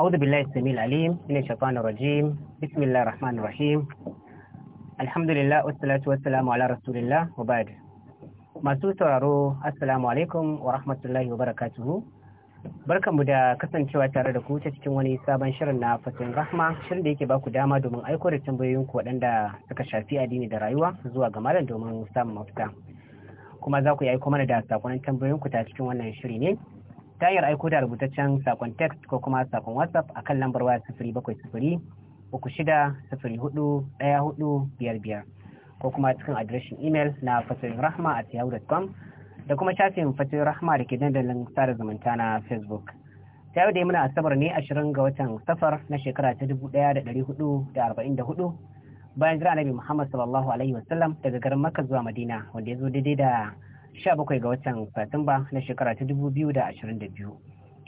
أعوذ بالله السميع العليم من الشيطان الرجيم بسم الله الرحمن الرحيم الحمد لله والصلاة والسلام على رسول الله وبعد masu sauraro assalamu alaikum wa rahmatullahi wa barakatuhu barkanmu da kasancewa tare da ku ta cikin wani sabon shirin na fatin rahma shirin da yake baku dama domin aiko da tambayoyin ku waɗanda suka shafi addini da rayuwa zuwa ga malam domin samun mafita kuma za ku yi aiko mana da sakonin ku ta cikin wannan shiri ne ta hanyar aiko da rubutaccen sakon text ko kuma sakon whatsapp a kan lambar waya sifiri bakwai sifiri uku shida sifiri hudu daya hudu biyar biyar ko kuma cikin adireshin imel na fasirin rahma a tiyahu.com da kuma shafin fasirin rahma da ke dandalin sada zumunta na facebook ta yau da muna asabar ne ashirin ga watan safar na shekara ta dubu daya da dari hudu da arba'in da hudu bayan jira annabi muhammad sallallahu alaihi wasallam daga garin makka zuwa madina wanda ya zo daidai da 17 ga watan Satumba na shekara ta 2022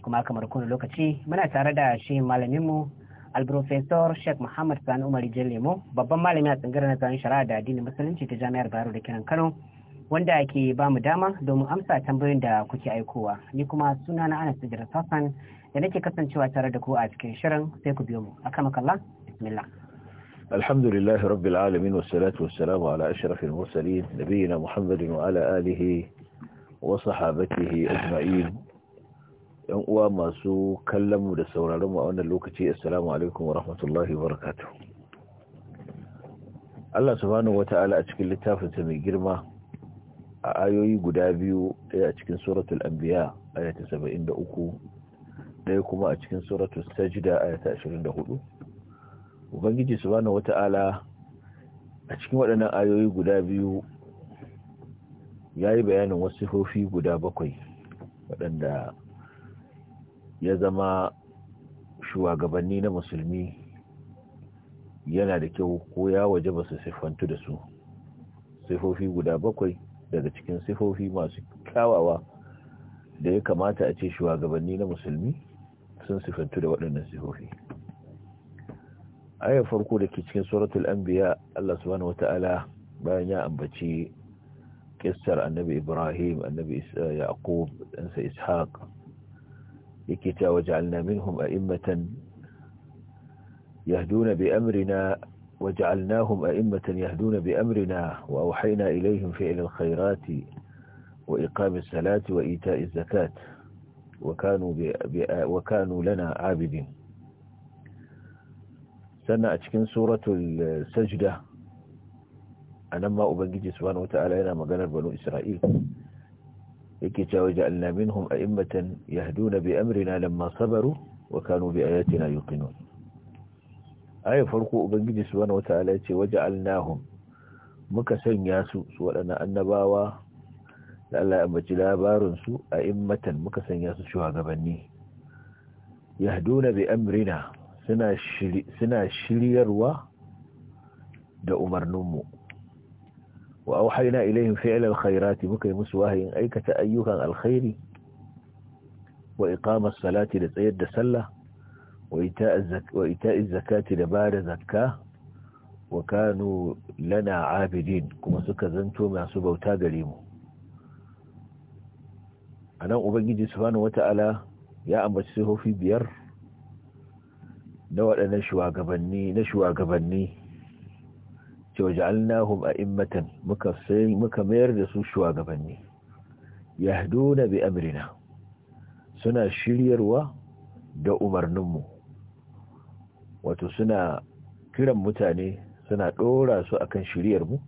kuma kamar kuna lokaci muna tare da shi malaminmu alprofesor Sheikh Muhammad Sani Umar Lemo babban malami a tsangirar nazarin shari'a da addinin musulunci ta Jami'ar Bayero da Kiran Kano wanda ke ba mu dama domin amsa tambayoyin da kuke aikowa ni kuma suna na Anas Jirat Hassan da nake kasancewa tare da ku a cikin shirin sai ku biyo mu akan bismillah الحمد لله رب العالمين والصلاة والسلام على أشرف المرسلين نبينا محمد وعلى آله وصحابته أجمعين uwa masu kallonmu da sauraron a wannan lokaci assalamu alaikum wa rahmatullahi wa barakatuh Allah subhanahu wa ta'ala a cikin littafinsa mai girma a ayoyi guda biyu ɗaya a cikin suratul anbiya ayata 73 ɗaya kuma a cikin suratul sajda ayata 24 ubangiji wata ala a cikin waɗannan ayoyi guda biyu ya yi bayanin wasu hofi guda bakwai waɗanda ya zama shugabanni na musulmi yana da kyau ko ya waje ba su siffantu da su sifofi guda bakwai daga cikin sifofi masu kyawawa da ya kamata a ce shugabanni na musulmi sun siffantu da waɗannan sifofi ayar farko da ke cikin suratul anbiya Allah subhanahu wata'ala bayan ya ambaci kissar annabi Ibrahim annabi Yaqub ɗansa Ishaq yake ta waj'alna minhum a'immatan yahduna bi amrina waj'alnahum a'immatan yahduna bi amrina wa awhayna ilayhim fi'l al-khayrati wa iqam as-salati wa ita'i az-zakati وكانوا, وكانوا لنا عابدين sannan a cikin suratul eh, sajda a nan ma ubangiji subhanahu wata'ala yana maganar banu isra'il yake cewa ja'alna minhum a'immatan yahduna bi amrina lamma sabaru wa kanu bi ayatina yuqinun ayar farko ubangiji subhanahu wata'ala yace waja'alnahum muka sanya su su annabawa da Allah ya ambaci labarin su a'immatan muka sanya su shugabanni yahduna bi amrina suna shiryarwa da umarninmu wa auhaina ilaihim fi'l alkhairati muka yi musu wahayin aikata ayyukan alkhairi wa iqamas salati da tsayar da sallah wa ita'iz zakati da bada zakka wa kanu lana abidin kuma suka zanto masu bauta gare mu anan ubangiji subhanahu wata'ala ya ambaci sihofi biyar na waɗannan shugabanni na shugabanni ce ja'alnahum a'immatan muka sai muka mayar da su shugabanni yahduna bi amrina suna shiryarwa da umarninmu wato suna kiran mutane suna ɗora su akan shiryarmu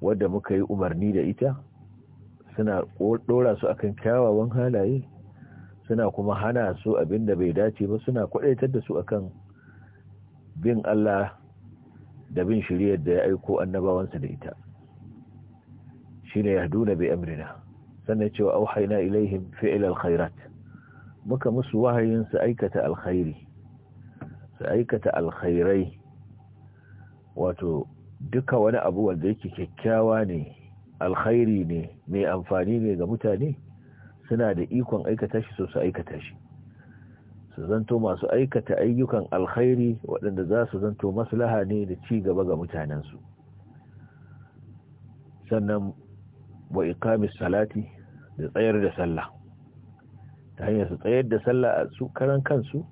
wadda muka yi umarni da ita suna ɗora su akan kyawawan halaye suna kuma hana su abin da bai dace ba suna kwadaitar da su akan bin Allah da bin shiriyar da ya aiko annabawansa da ita shine yahduna bi amrina sannan cewa auhayna ilaihim fi'l alkhairat muka musu wahayin su aikata alkhairi su aikata alkhairai wato duka wani abu wanda yake kyakkyawa ne alkhairi ne mai amfani ne ga mutane suna da ikon aikata shi so aikata shi su zanto masu aikata ayyukan alkhairi waɗanda za su zanto maslaha ne da ci gaba ga mutanensu sannan wa ikamis salati da tsayar da sallah ta hanyar su tsayar da sallah a su karan kansu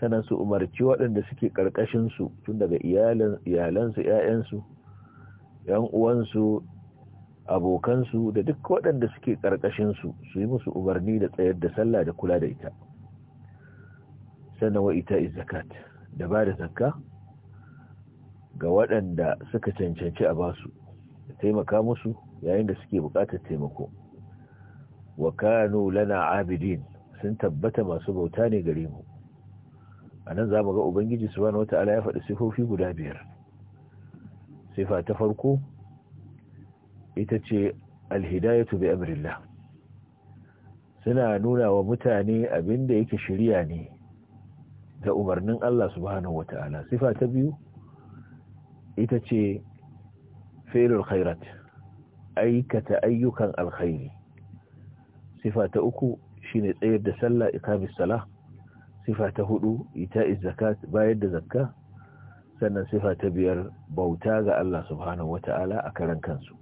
sannan su umarci waɗanda suke ƙarƙashinsu tun daga iyalansu ‘ya'yansu ‘yan uwansu abokansu da duk waɗanda suke ƙarƙashinsu su yi musu umarni da tsayar da sallah da kula da ita sannan wa ita zakat da ba da zakka ga waɗanda suka cancanci a basu da taimaka musu yayin da suke buƙatar taimako wa kanu lana abidin sun tabbata masu bauta ne gare mu a nan za mu ga ubangiji subhanahu wata'ala ya faɗi sifofi guda biyar sifa ta farko ita ce alhidayatu bi amrillah suna nuna wa mutane abin da yake shirya ne da umarnin Allah subhanahu wata'ala sifa ta biyu ita ce fi'lul khairat aikata ayyukan alkhairi sifa ta uku shine tsayar da sallah iqamis salah sifa ta hudu ita'iz zakat bayar da zakka sannan sifa ta biyar bauta ga Allah subhanahu wata'ala a karan kansu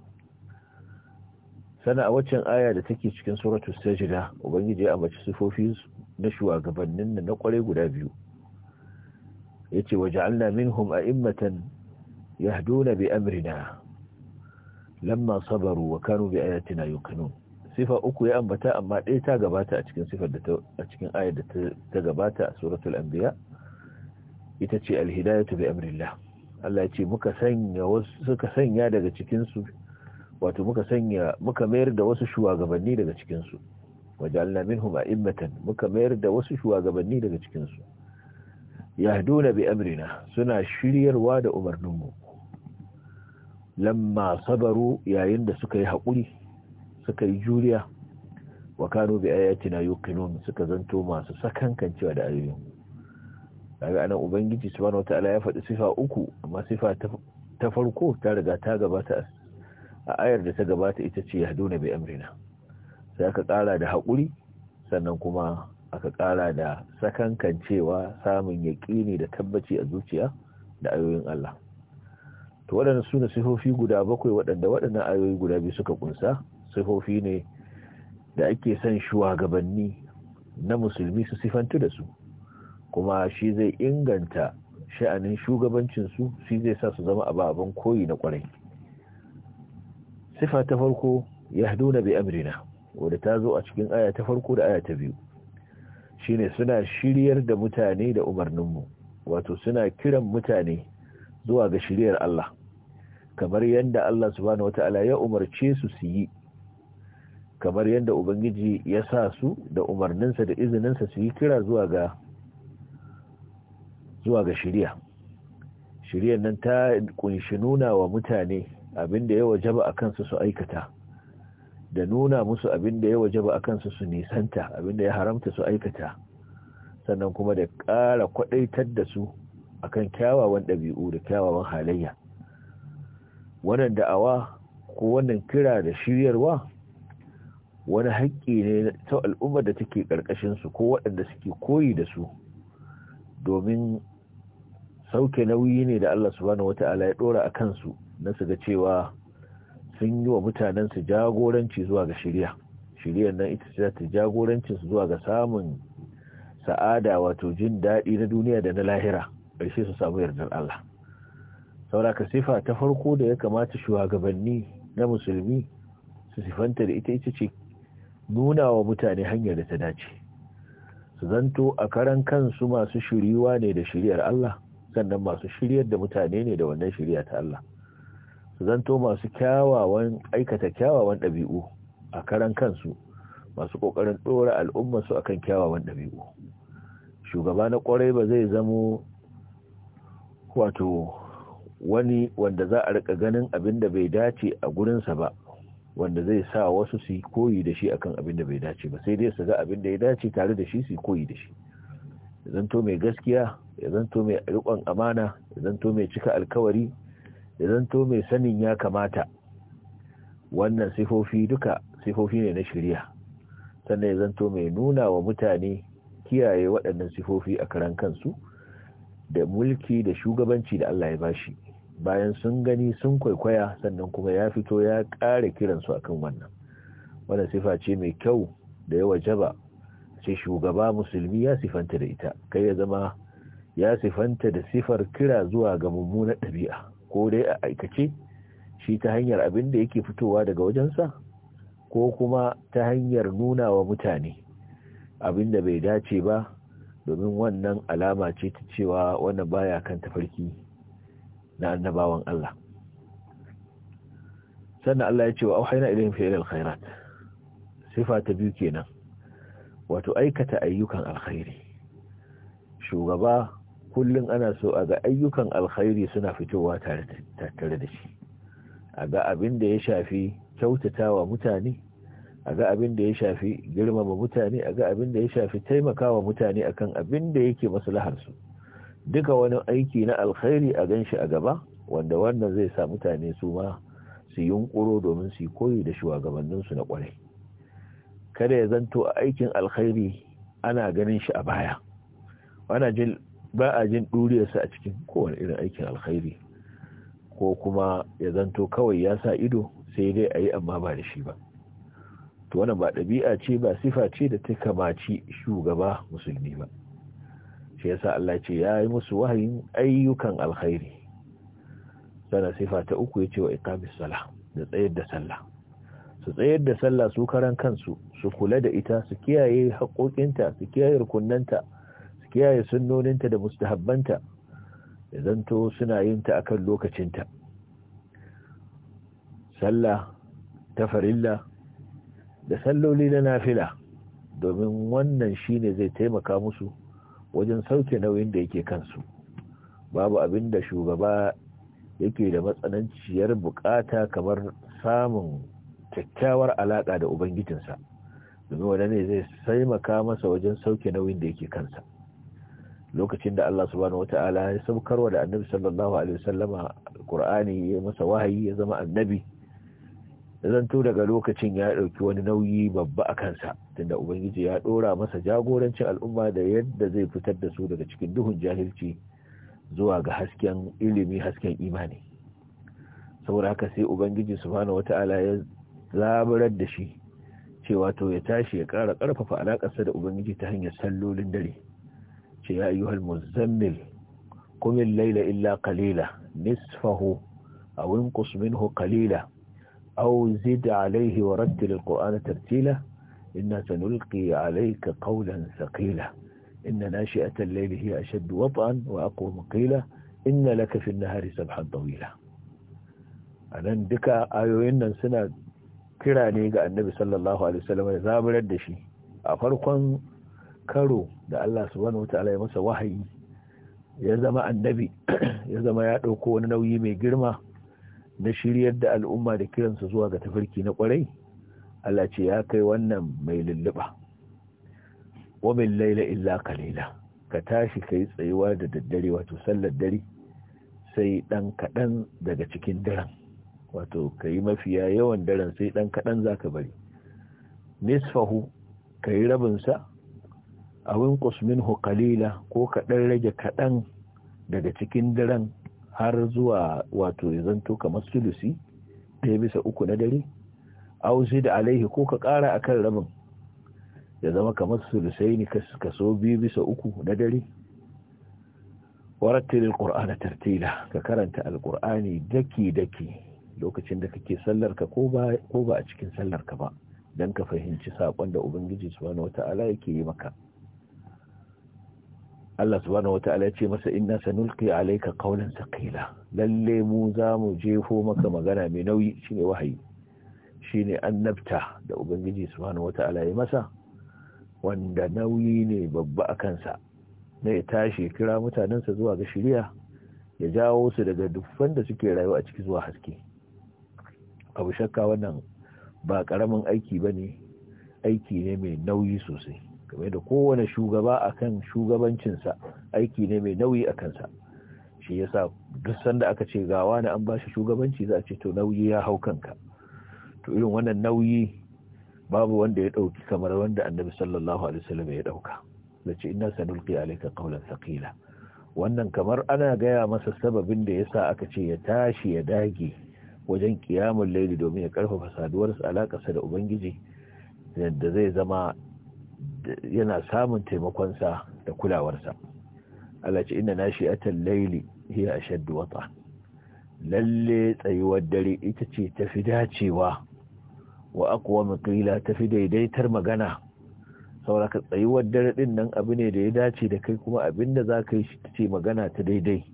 sana a waccan aya da take cikin suratul sajda ubangiji ya ambaci sifofi na shugabannin na kwarai guda biyu yace waja'alna minhum a'immatan yahduna bi amrina lamma sabaru wa kanu bi ayatina yuqinun sifa uku ya ambata amma ɗaya ta gabata a cikin sifar da a cikin ayar da ta gabata a suratul anbiya ita ce alhidayatu bi amrillah Allah ya ce muka sanya wasu suka sanya daga cikin su wato muka sanya muka mayar da wasu shugabanni daga cikin su wajalna minhum a'immatan muka mayar da wasu shugabanni daga cikinsu. su yahduna bi amrina suna shiryarwa da umarninmu lamma sabaru yayin da suka yi haƙuri suka yi juriya wa kanu bi ayatina yuqinun suka zanto masu sakankancewa da ayoyin daga anan ubangiji subhanahu wataala ya faɗi sifa uku amma sifa ta farko ta riga ta gabata a a ayar da ta gabata ita ce yahduna bi amrina sai aka kara da haƙuri sannan kuma aka kara da sakankancewa cewa samun yaƙini da tabbaci a zuciya da ayoyin Allah to waɗannan su sifofi guda bakwai waɗanda waɗannan ayoyi guda biyu suka kunsa sifofi ne da ake son shugabanni na musulmi su sifantu da su kuma shi zai inganta sha'anin shugabancinsu shi zai sa su zama ababen koyi na kwarai sifa ta farko ya yahduna bi amrina wanda ta zo a cikin aya ta farko da aya ta biyu shine suna shiryar da mutane da umarninmu wato suna kiran mutane zuwa ga shiryar Allah kamar yadda Allah subhanahu wata'ala ya umarce su su yi kamar yadda ubangiji ya sa su da umarninsa da izininsa su yi kira zuwa ga shirya. shiriyar nan ta kunshi nuna wa mutane abin da ya wajaba a kansu su aikata da nuna musu abin da ya wajaba a kansu su nisanta abin da ya haramta su aikata sannan kuma da ƙara kwaɗaitar da su a kan kyawawan ɗabi'u da kyawawan halayya wannan da'awa ko wannan kira da shiryarwa wani haƙƙi ne ta al'ummar da take ƙarƙashin su ko waɗanda suke koyi da su domin sauke nauyi ne da Allah subhanahu wata'ala ya dora a kansu na su ga cewa sun yi wa mutanen su jagoranci zuwa ga shirya shiryar nan ita ce ta jagorancin su zuwa ga samun sa'ada wato jin daɗi na duniya da na lahira ƙarshe su samu yardar Allah Sa'ura sifa ta farko da ya kamata shugabanni na musulmi su sifanta da ita ita ce nuna wa mutane hanyar da ta dace su zanto a karan kansu masu shiriwa ne da shiriyar Allah sannan masu shiryar da mutane ne da wannan shirya ta Allah su zanto masu kyawawan aikata kyawawan ɗabi'u a karan kansu masu ƙoƙarin ɗora al'ummarsu akan kyawawan ɗabi'u shugaba na ƙwarai ba zai zamo wato wani wanda za a rika ganin abin da bai dace a gurinsa ba wanda zai sa wasu su koyi da shi akan abin da bai dace ba sai dai su ga abin da ya dace tare da shi su koyi da shi ya zanto mai gaskiya ya zanto mai rikon amana ya zanto mai cika alkawari ya zanto mai sanin ya kamata wannan sifofi duka sifofi ne na shirya sannan ya zanto mai nuna wa mutane kiyaye waɗannan sifofi a karan kansu da mulki da shugabanci da Allah ya bashi bayan sun gani sun kwaikwaya sannan kuma ya fito ya ƙara kiransu a kan wannan wannan sifa ce mai kyau da yawa jaba. ce shugaba musulmi ya sifanta da ita kai ya zama ya sifanta da sifar kira zuwa ga mummunar ɗabi'a ko dai a aikace shi ta hanyar abin da yake fitowa daga wajensa ko kuma ta hanyar nuna wa mutane abin da bai dace ba domin wannan alama ce ta cewa wannan baya kan tafarki na annabawan Allah sannan Allah ya ce wa auhaina ilayhim fi'l khairat sifa ta biyu kenan wato aikata ayyukan alkhairi shugaba kullum ana so a ga ayyukan alkhairi suna fitowa tattare da shi a ga abin da ya shafi kyautata wa mutane a ga abin da ya shafi girmama mutane a ga abin da ya shafi taimaka wa mutane akan abin da yake maslaharsu duka wani aiki na alkhairi a gan shi a gaba wanda wannan zai sa mutane su ma su yunkuro domin su yi koyi da shugabanninsu na kwarai kada ya zanto a aikin alkhairi ana ganin shi a baya wana jin ba a jin ɗuriyarsa a cikin kowane irin aikin alkhairi ko kuma ya zanto kawai ya sa ido sai dai a yi amma ba da shi ba to wannan ba ɗabi'a ce ba sifa ce da ta kamaci shugaba musulmi ba shi yasa Allah ce ya yi musu wahayin ayyukan alkhairi sana sifa ta uku ya ce wa iqamis Sallah, da tsayar da sallah su tsayar da sallah su karan kansu su kula da ita su kiyaye haƙoƙinta su kiyaye rukunnanta su kiyaye sunnoninta da mustahabbanta da zanto suna yin ta akan lokacinta sallah ta farilla da salloli na nafila domin wannan shine zai taimaka musu wajen sauke nauyin da yake kansu babu abin da shugaba yake da matsananciyar bukata kamar samun kyakkyawar alaƙa da ubangijinsa domin wanda ne zai saimaka masa wajen sauke nauyin da yake kansa lokacin da Allah subhanahu wata'ala ya saukarwa da annabi sallallahu alaihi wasallama qur'ani ya masa wahayi ya zama annabi zanto daga lokacin ya ɗauki wani nauyi babba a kansa tunda ubangiji ya ɗora masa jagorancin al'umma da yadda zai fitar da su daga cikin duhun jahilci zuwa ga hasken ilimi hasken imani saboda haka sai ubangiji subhanahu wata'ala ya labarar da shi ce wato ya tashi ya ƙara ƙarfafa alaƙarsa da ubangiji ta hanyar sallolin dare ce ya yi ayyuhal muzammil kumin laila illa kalila nisfahu aw inqus minhu kalila au zida alaihi wa rattil alqur'ana tartila inna sanulqi alayka qawlan thaqila inna nashi'ata al-layli hiya ashaddu wat'an wa aqwamu qila inna laka fi an-nahari sabhan tawila anan duka ayoyin nan suna kira ne ga annabi sallallahu alaihi wasallam ya zaburar da shi a farkon karo da Allah subhanahu wataala ya masa wahayi ya zama annabi ya zama ya ɗauko wani nauyi mai girma na shiryar da al'umma da kiransa zuwa ga tafarki na kwarai Allah ce ya kai wannan mai lulluɓa wa min laila illa qalila ka tashi kai tsayuwa da daddare wato sallar dare sai ɗan kaɗan daga cikin daren wato ka yi mafiya yawan daren sai ɗan kaɗan za ka bari nisfahu ka yi rabinsa winkus kusmin hukalila ko kaɗan rage kaɗan daga cikin daren har zuwa wato ya zanto kamar sulusi ɗaya bisa uku na dare auzi da alaihi ko ka ƙara akan rabin ya zama kamar sulusai ne kaso biyu bisa uku na dare warattilin qur'ana tartila ka karanta alƙur'ani daki daki lokacin da kake sallar ka ko ba a cikin sallar ka ba don ka fahimci saƙon da ubangiji subhanahu wata'ala yake yi maka Allah subhanahu wata'ala ya ce masa inna sanulqi alayka qawlan thaqila lalle mu za mu jefo maka magana mai nauyi shine wahayi shine annabta da ubangiji subhanahu wata'ala ya masa wanda nauyi ne babba a kansa na ya tashi kira mutanensa zuwa ga shirya ya jawo su daga dukkan da suke rayuwa a ciki zuwa haske abu shakka wannan ba karamin aiki ba ne aiki ne mai nauyi sosai game da kowane shugaba akan shugabancinsa aiki ne mai nauyi a kansa shi ya sa duk sanda aka ce gawa na an ba shi shugabanci za a ce to nauyi ya hau kanka to irin wannan nauyi babu wanda ya dauki kamar wanda annabi sallallahu alaihi wasallam ya dauka zace inna sanulqi alayka qawlan thaqila wannan kamar ana gaya masa sababin da yasa aka ce ya tashi ya dage wajen kiyamun laili domin ya karfafa saduwarsa sa da ubangiji yadda zai zama yana samun taimakonsa da kulawarsa Allah ce inna nashi'atal laili hiya shaddu wata lalle tsayuwar dare ita ce tafi dacewa wa aqwa ta tafi daidaitar magana sauraka tsayuwar dare din nan abu ne da ya dace da kai kuma abinda zaka yi shi ce magana ta daidai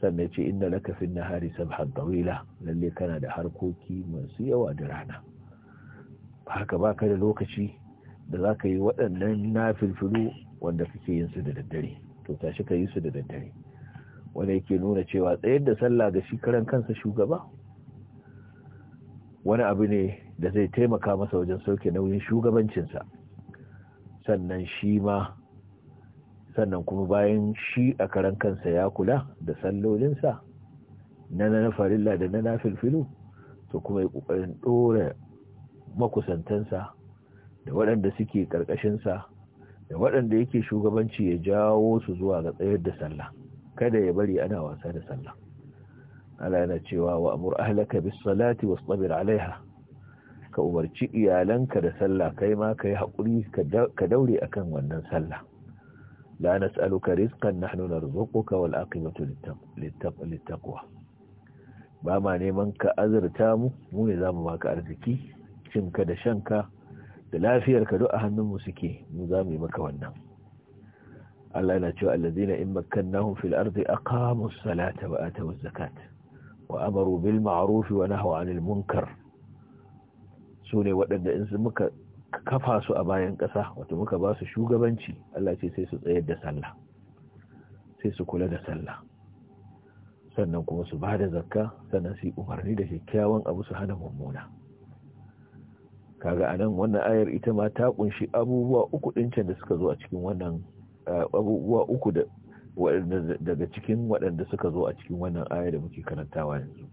sannan ce inda laka fi nahari sabhan tawila lalle kana da harkoki masu yawa da rana haka baka da lokaci da za ka yi waɗannan nafilfilu wanda kake yin su da daddare to tashi ka yi su da daddare wanda yake nuna cewa tsayar da sallah ga shi karan kansa shugaba wani abu ne da zai taimaka masa wajen sauke nauyin shugabancinsa sannan shi ma sannan kuma bayan shi a karan kansa ya kula da sallolinsa na na farilla da na nafilfilu to kuma yi ƙoƙarin ɗora makusantansa da waɗanda suke ƙarƙashinsa da waɗanda yake shugabanci ya jawo su zuwa ga tsayar da sallah kada ya bari ana wasa da sallah Alana yana cewa wa amur ahlaka bis salati wasbir alaiha ka umarci iyalanka da sallah kai ma kai haƙuri ka daure akan wannan sallah la nas'aluka rizqan nahnu narzuquka wal aqibatu littaqwa ba ma neman ka azurta mu mu ne zamu maka arziki cinka da shanka da lafiyarka duk a hannun mu suke mu zamu yi maka wannan Allah yana cewa allazina in makkannahum fil ardi aqamu as-salata wa atu az-zakat wa amaru bil ma'ruf wa nahaw 'anil munkar sune waɗanda in muka kafa su a bayan ƙasa wato muka ba su shugabanci Allah ce sai su tsayar da sallah sai su kula da sallah sannan kuma su ba da zakka sannan su yi umarni da kyakkyawan abu su hana mummuna kaga anan wannan ayar ita ma ta kunshi abubuwa uku ɗincan da suka zo a cikin wannan eh, abubuwa uku daga cikin waɗanda suka zo a cikin wannan ayar da muke karantawa yanzu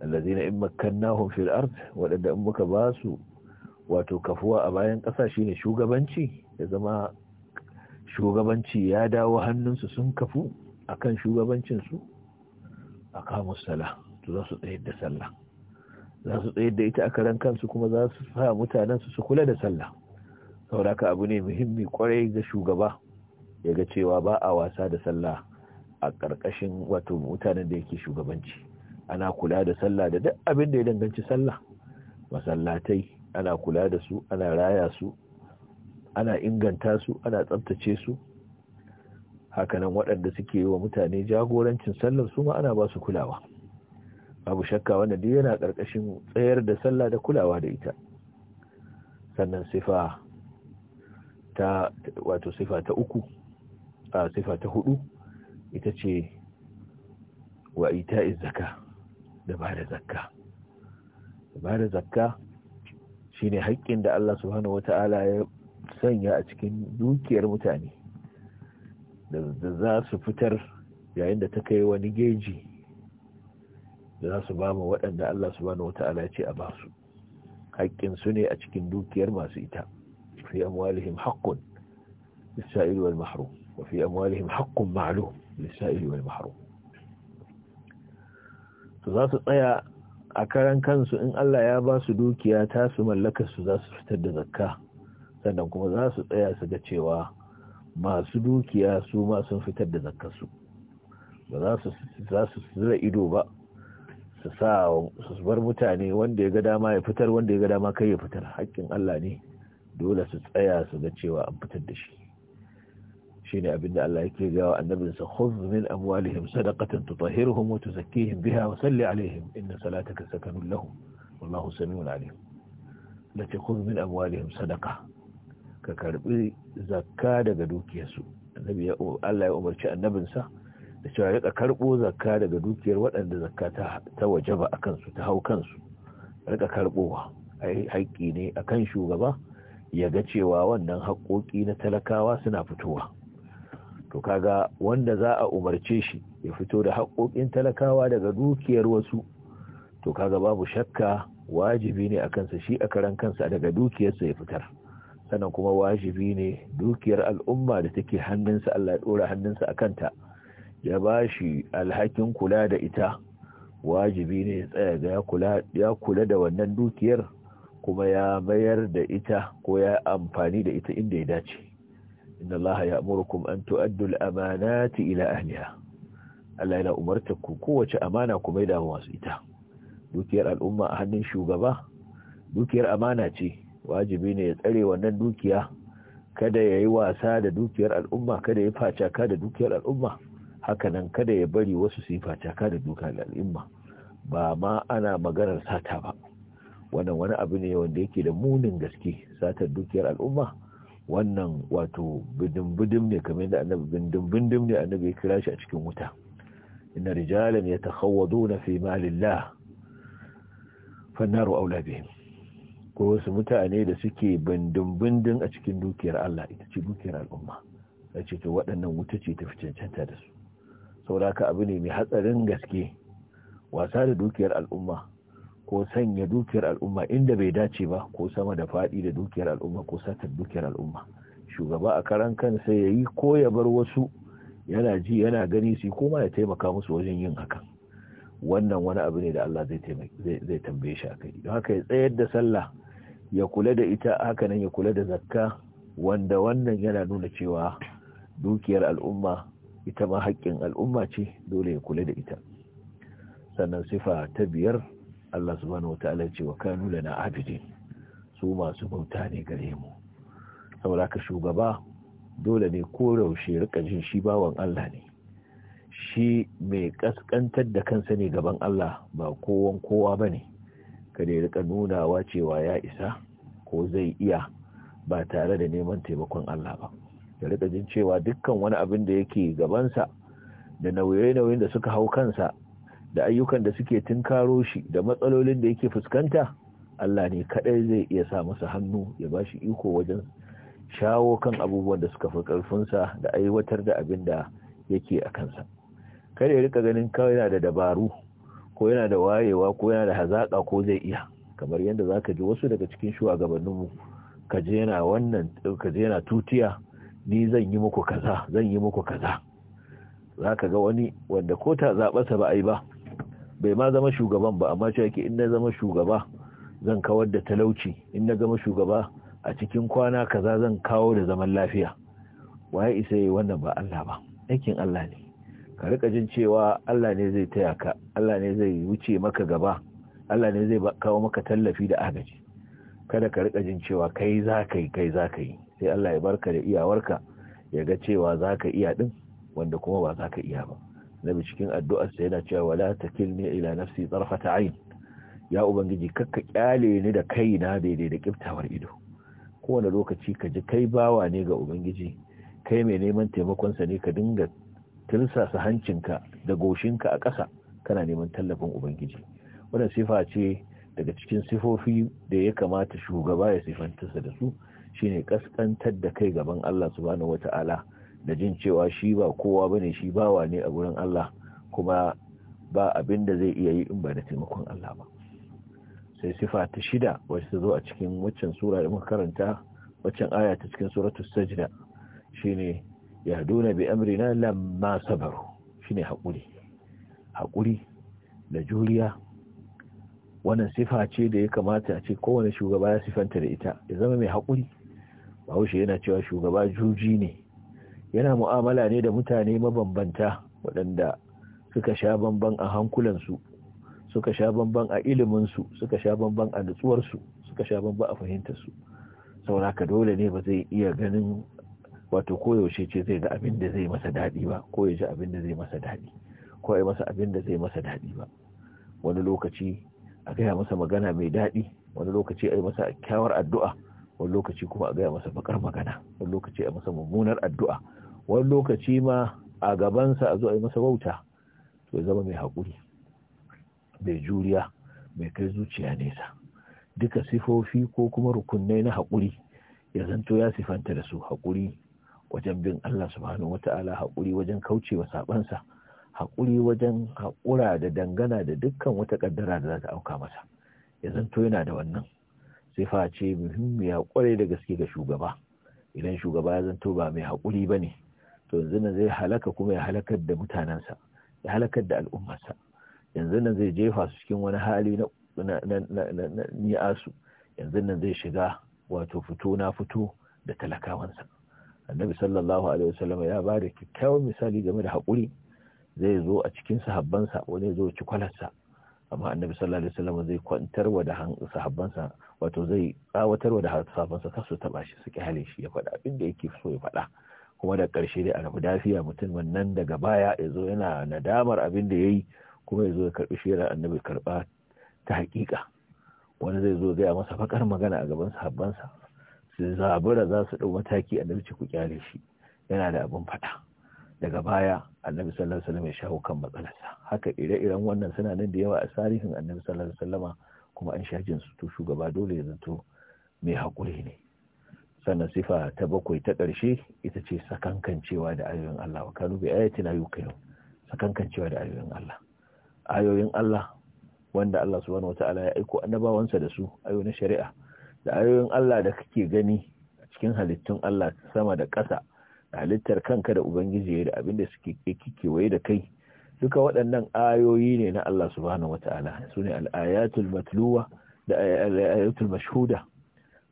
allazina in makkannahum fil ard wadanda in muka ba su wato kafuwa a bayan ƙasa shine shugabanci ya zama shugabanci ya dawo hannunsu sun kafu a kan shugabancinsu a kamun sala za su tsayar da sallah za su tsayar da ita a karan kansu kuma za su sa mutanensu su kula da sallah sauraka abu ne muhimmi kwarai ga shugaba ya ga cewa ba a wasa da sallah a ƙarƙashin wato mutanen da yake shugabanci ana kula da sallah da duk abin da ya danganci sallah masallatai ana kula da su ana raya su ana inganta su ana tsabtace su hakanan waɗanda suke yi wa mutane jagorancin sallar su ma ana ba su kulawa abu shakka wanda duk yana ƙarƙashin tsayar da sallah da kulawa da ita sannan sifa ta wato sifa ta uku a sifa ta hudu ita ce wa ita zakka da ba da zakka ba da zakka shine haƙƙin da Allah subhanahu wata'ala ya sanya a cikin dukiyar mutane da za su fitar yayin da ta kai wani geji da za su ba mu waɗanda Allah subhanahu wata'ala ya ce a ba su haƙƙin su ne a cikin dukiyar masu ita fi amwalihim haƙƙun lis wal mahrum wa fi amwalihim haqqun ma'lum lis wal za su tsaya a karan kansu in Allah ya ba su dukiya ta su mallaka su za su fitar da zakka sannan kuma za su tsaya su ga cewa masu dukiya su ma sun fitar da zakkarsu ba za su za su zira ido ba su sa su bar mutane wanda ya ga dama ya fitar wanda ya ga dama kai ya fitar haƙƙin Allah ne dole su tsaya su ga cewa an fitar da shi shine abin da Allah yake gawa annabinsa khudh min amwalihim sadaqatan tutahhiruhum wa tuzakkihim biha wa salli alaihim inna salataka sakanun lahum wallahu samiun alim la ce khudh min amwalihim sadaqa ka karbi zakka daga dukiyarsu annabi Allah ya umarci annabinsa da cewa rika karbo zakka daga dukiyar waɗanda zakka ta ta wajaba akan su ta hau kansu rika karbowa ai haƙƙi ne akan shugaba ya ga cewa wannan haƙoƙi na talakawa suna fitowa to kaga wanda za a umarce shi ya fito da haƙoƙin talakawa daga dukiyar wasu to kaga babu shakka wajibi ne a kansa shi a karan kansa daga dukiyarsa ya fitar sannan kuma wajibi ne dukiyar al'umma da take hannunsa Allah ya ɗora hannunsa a kanta ya ba shi alhakin kula da ita wajibi ne ya tsaya ga ya kula da wannan dukiyar kuma ya mayar da ita ko ya amfani da ita inda ya dace inna ya ya'murukum an tu'addu al-amanati ila ahliha Allah yana umartar ku kowace amana ku maida wa masu ita dukiyar al'umma a hannun shugaba dukiyar amana ce wajibi ne ya tsare wannan dukiya kada ya yi wasa da dukiyar al'umma kada ya facaka da dukiyar al'umma hakanan kada ya bari wasu su yi facaka da dukiyar al'umma ba ma ana maganar sata ba wannan wani abu ne wanda yake da munin gaske satar dukiyar al'umma wannan wato bidin ne kamar da annabi bindin ne annabi ya kira shi a cikin wuta inna rijalan yatakhawaduna fi malillah fannaru aula bihim ko wasu mutane da suke bindin a cikin dukiyar Allah ita ce dukiyar al'umma Ya ce to waɗannan wuta ce ta cancanta da su saboda abu ne mai hatsarin gaske wasa da dukiyar al'umma ko sanya dukiyar al'umma inda bai dace ba ko sama da faɗi da dukiyar al'umma ko satar dukiyar al'umma shugaba a karan sai ya yi ko ya bar wasu yana ji yana gani su kuma ya taimaka musu wajen yin hakan wannan wani abu ne da Allah zai tambaye shi akai don haka ya tsayar da sallah ya kula da ita haka nan ya kula da zakka wanda wannan yana nuna cewa dukiyar al'umma ita ma haƙƙin al'umma ce dole ya kula da ita sannan sifa ta biyar Allah subhanahu wataala ya ce wa kanu lana abidin su masu bauta ne gare mu saboda ka shugaba dole ne ko raushe rika jin shi bawan Allah ne shi mai kaskantar da kansa ne gaban Allah ba kowan kowa bane kada ya rika nunawa cewa ya isa ko zai iya ba tare da neman taimakon Allah ba ya rika jin cewa dukkan wani abin da yake gabansa da nauye-nauyin da suka hau kansa da ayyukan da suke tunkaro shi da matsalolin da yake fuskanta Allah ne kaɗai zai iya sa masa hannu ya ba shi iko wajen shawo kan abubuwan da suka fi karfinsa da aiwatar da abin da yake a kansa kada ya rika ganin kawai yana da dabaru ko yana da wayewa ko yana da hazaƙa ko zai iya kamar yadda za ka ji wasu daga cikin shugabanninmu ka je yana ka je yana tutiya ni zan yi muku kaza zan yi muku kaza za ka ga wani wanda ko ta zaɓasa ba a yi ba bai ma zama shugaban ba amma cewa yake in na zama shugaba zan kawar da talauci in na zama shugaba a cikin kwana kaza zan kawo da zaman lafiya waye isa yi wannan ba Allah ba aikin Allah ne ka rika jin cewa Allah ne zai taya ka Allah ne zai wuce maka gaba Allah ne zai kawo maka tallafi da agaji kada ka rika jin cewa kai za ka yi kai za ka yi sai Allah ya barka da iyawarka ya ga cewa za ka iya din wanda kuma ba za ka iya ba nabi cikin addu'arsa yana cewa wala takilni ila nafsi tarfata ayn ya ubangiji kakka kyale ni da kaina daidai da kiftawar ido kowane lokaci ka ji kai bawa ne ga ubangiji kai mai neman taimakon sa ne ka dinga sa hancinka da goshinka a ƙasa kana neman tallafin ubangiji wannan sifa ce daga cikin sifofi da ya kamata shugaba ya sifantarsa da su shine kaskantar da kai gaban Allah subhanahu wata'ala da jin cewa shi ba kowa bane shi bawa ne a gurin Allah kuma ba abin da zai iya yi in ba da taimakon Allah ba sai sifa ta shida wacce ta zo a cikin waccan sura da muka karanta waccan aya ta cikin suratul sajda shine duna bi amrina lamma sabaru shine hakuri hakuri da juriya wannan sifa ce da ya kamata a ce kowane shugaba ya sifanta da ita ya zama mai hakuri bahaushe yana cewa shugaba juji ne yana mu'amala ne da mutane mabambanta waɗanda suka sha bamban a hankulansu suka sha bamban a iliminsu suka sha bamban a nutsuwarsu suka sha bamban a fahimtarsu sauraka dole ne ba zai iya ganin wato koyaushe ce zai ga abin da zai masa daɗi ba ko ya ji abin da zai masa daɗi ko ya masa abin da zai masa daɗi ba wani lokaci a gaya masa magana mai daɗi wani lokaci a yi masa kyawar addu'a wani lokaci kuma a gaya masa bakar magana wani lokaci a masa mummunar addu'a wani lokaci ma a gabansa a zo a yi masa bauta to ya zama mai haƙuri mai juriya mai kai zuciya nesa duka sifofi ko kuma rukunai na haƙuri ya zanto ya sifanta da su haƙuri wajen bin Allah subhanahu wata'ala haƙuri wajen kaucewa sabansa haƙuri wajen haƙura da dangana da dukkan wata ƙaddara da za ta auka masa ya zanto yana da wannan sifa ce muhimmiya ƙwarai da gaske ga shugaba idan shugaba ya zanto ba mai haƙuri ba ne to yanzu nan zai halaka kuma ya halakar da mutanensa ya halakar da al'ummarsa yanzu nan zai jefa su cikin wani hali na ni'asu yanzu nan zai shiga wato fito na fito da talakawansa annabi sallallahu alaihi wasallam ya ba da kyakkyawan misali game da haƙuri zai zo a cikin sahabbansa wani zo ci kwalarsa amma annabi sallallahu alaihi wasallam zai kwantar wa da sahabbansa wato zai tsawatar wa da sahabbansa kasu su taba shi su hale shi ya faɗa abin da yake so ya faɗa kuma da ƙarshe dai a rabu dafiya mutum wannan daga baya ya zo yana nadamar abin da ya yi kuma ya zo ya karɓi shirar annabi karɓa ta haƙiƙa wani zai zo gaya masa faƙar magana a gaban sa su zabura za su ɗau mataki annabi nan ku kyale shi yana da abin faɗa daga baya annabi sallallahu alaihi wasallam ya shawo kan matsalarsa haka ire-iren wannan suna nan da yawa a tarihin annabi sallallahu alaihi wasallama kuma an sha jinsu to shugaba dole ya zanto mai haƙuri ne sannan sifa ta bakwai ta ƙarshe ita ce sakankancewa da ayoyin Allah wa kanu bi ayatina yuqinu sakankancewa da ayoyin Allah ayoyin Allah wanda Allah subhanahu wataala ya aiko annabawansa da su ayoyin shari'a da ayoyin Allah da kake gani a cikin halittun Allah sama da ƙasa halittar kanka da ubangiji da abin da suke kewaye da kai duka waɗannan ayoyi ne na Allah subhanahu wataala sune al-ayatul matluwa da ayatul mashhuda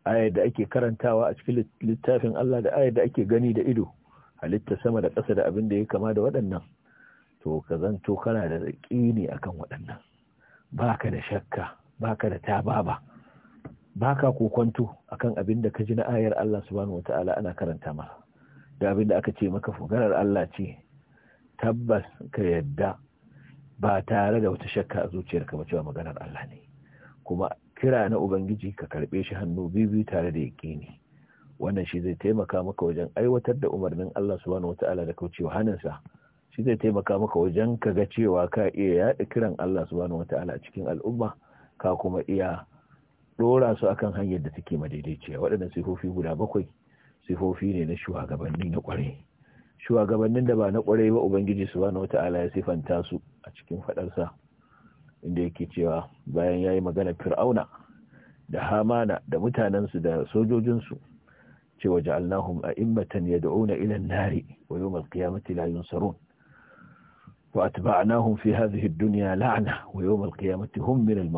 ayar da ake karantawa a cikin littafin Allah da ayar da ake gani da ido halitta sama da ƙasa da abin da ya kama da waɗannan to ka zanto kana da yaƙini akan waɗannan baka da shakka baka da tababa baka kokonto akan abin da ka ji na ayar Allah subhanahu wataala ana karanta mara, da abin da aka ce maka fugarar Allah ce tabbas ka yadda ba tare da wata shakka a zuciyarka ba cewa maganar Allah ne kuma kira na ubangiji ka karbe shi hannu biyu tare da yaƙini wannan shi zai taimaka maka wajen aiwatar da umarnin Allah subhanahu wataala da kaucewa hannunsa shi zai taimaka maka wajen ka ga cewa ka iya yaɗa kiran Allah subhanahu wataala a cikin al'umma ka kuma iya ɗora su akan hanyar da take madaidaiciya waɗannan sifofi guda bakwai sifofi ne na shugabanni na kwarai shugabannin da ba na kwarai ba ubangiji subhanahu wataala ya sifanta su a cikin faɗarsa inda yake cewa bayan yayi magana fir'auna da hamana da mutanensu da sojojinsu cewa ja'alnahum a'immatan yad'una ila an-nari wa yawm al-qiyamati la wa atba'nahum fi hadhihi ad-dunya wa yawm al-qiyamati min al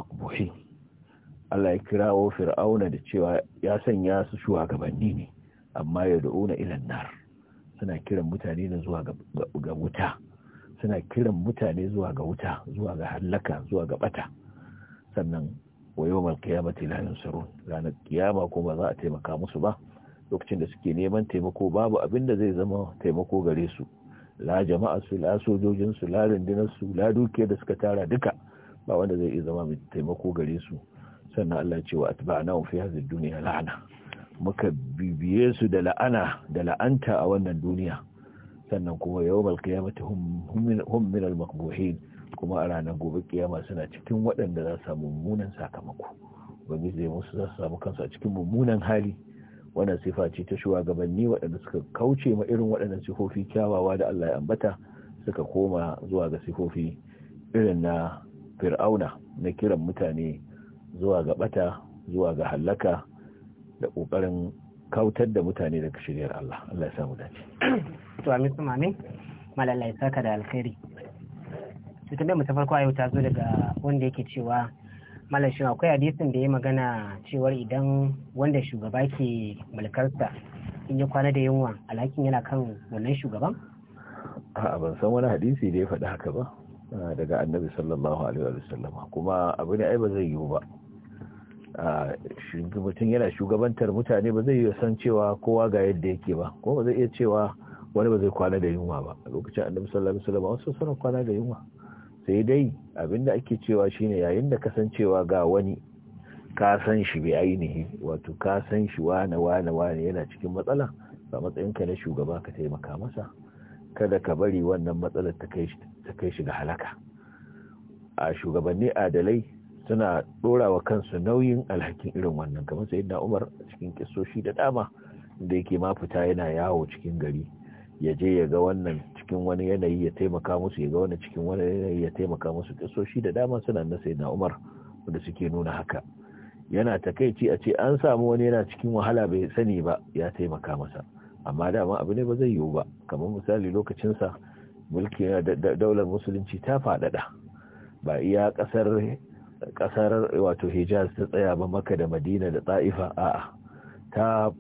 Allah ya kirawo fir'auna da cewa ya sanya su shugabanni ne amma ya ila an-nar suna kiran mutane da zuwa ga wuta suna kiran mutane zuwa ga wuta zuwa ga hallaka zuwa ga bata sannan wa yawmal qiyamati la yunsarun ranar kiyama ko ba za a taimaka musu ba lokacin da suke neman taimako babu abin da zai zama taimako gare su la jama'a su la sojojin su la rundunar su la dukiyar da suka tara duka ba wanda zai iya zama mai taimako gare su sannan Allah ce wa atba'na fi hadhihi dunya la'ana muka bibiye su da la'ana da la'anta a wannan duniya sannan kuma yau mal kiyamata hun min al kuma a ranar gobe kiyama suna cikin waɗanda za su samu mummunan sakamako wani zai musu za su samu kansu a cikin mummunan hali wannan sifa ce ta shugabanni waɗanda suka kauce ma irin waɗannan sifofi kyawawa da Allah ya ambata suka koma zuwa ga sifofi irin na fir'auna na kiran mutane zuwa ga bata zuwa ga hallaka da ƙoƙarin kautar da mutane daga shiryar Allah Allah ya samu dace to amin kuma amin malalla ya saka da alkhairi to tambayar mu ta farko a yau ta zo daga wanda yake cewa malam shi akwai hadisin da ya magana cewar idan wanda shugaba ke mulkarsa in ya kwana da yunwa alhakin yana kan wannan shugaban a'a ban san wani hadisi da ya faɗi haka ba daga annabi sallallahu alaihi wa sallam, kuma abu ne ai ba zai yiwu ba mutum yana shugabantar mutane ba zai iya san cewa kowa ga yadda yake ba ko ba zai iya cewa wani ba zai kwana da yunwa ba a lokacin annabi sallallahu alaihi wasallam wasu sunan kwana da yunwa sai dai abinda ake cewa shine yayin da kasancewa ga wani ka san shi bai ainihi wato ka san shi wane wane wane yana cikin matsala ba ka na shugaba ka taimaka masa kada ka bari wannan matsalar ta kai shi ga halaka a shugabanni adalai suna dora wa kansu nauyin alhakin irin wannan kamar sai na'umar! umar cikin kisoshi da dama da yake ma fita yana yawo cikin gari ya je ya ga wannan cikin wani yanayi ya taimaka musu ya ga wannan cikin wani yanayi ya taimaka musu kisoshi da dama suna na sai na umar wanda suke nuna haka yana takaici a ce an samu wani yana cikin wahala bai sani ba ya taimaka masa amma dama abu ne ba zai yiwu ba kamar misali lokacinsa mulki na daular musulunci ta faɗaɗa ba iya ƙasar kasar wato hijaz ta tsaya ba maka da madina da ta'ifa a ta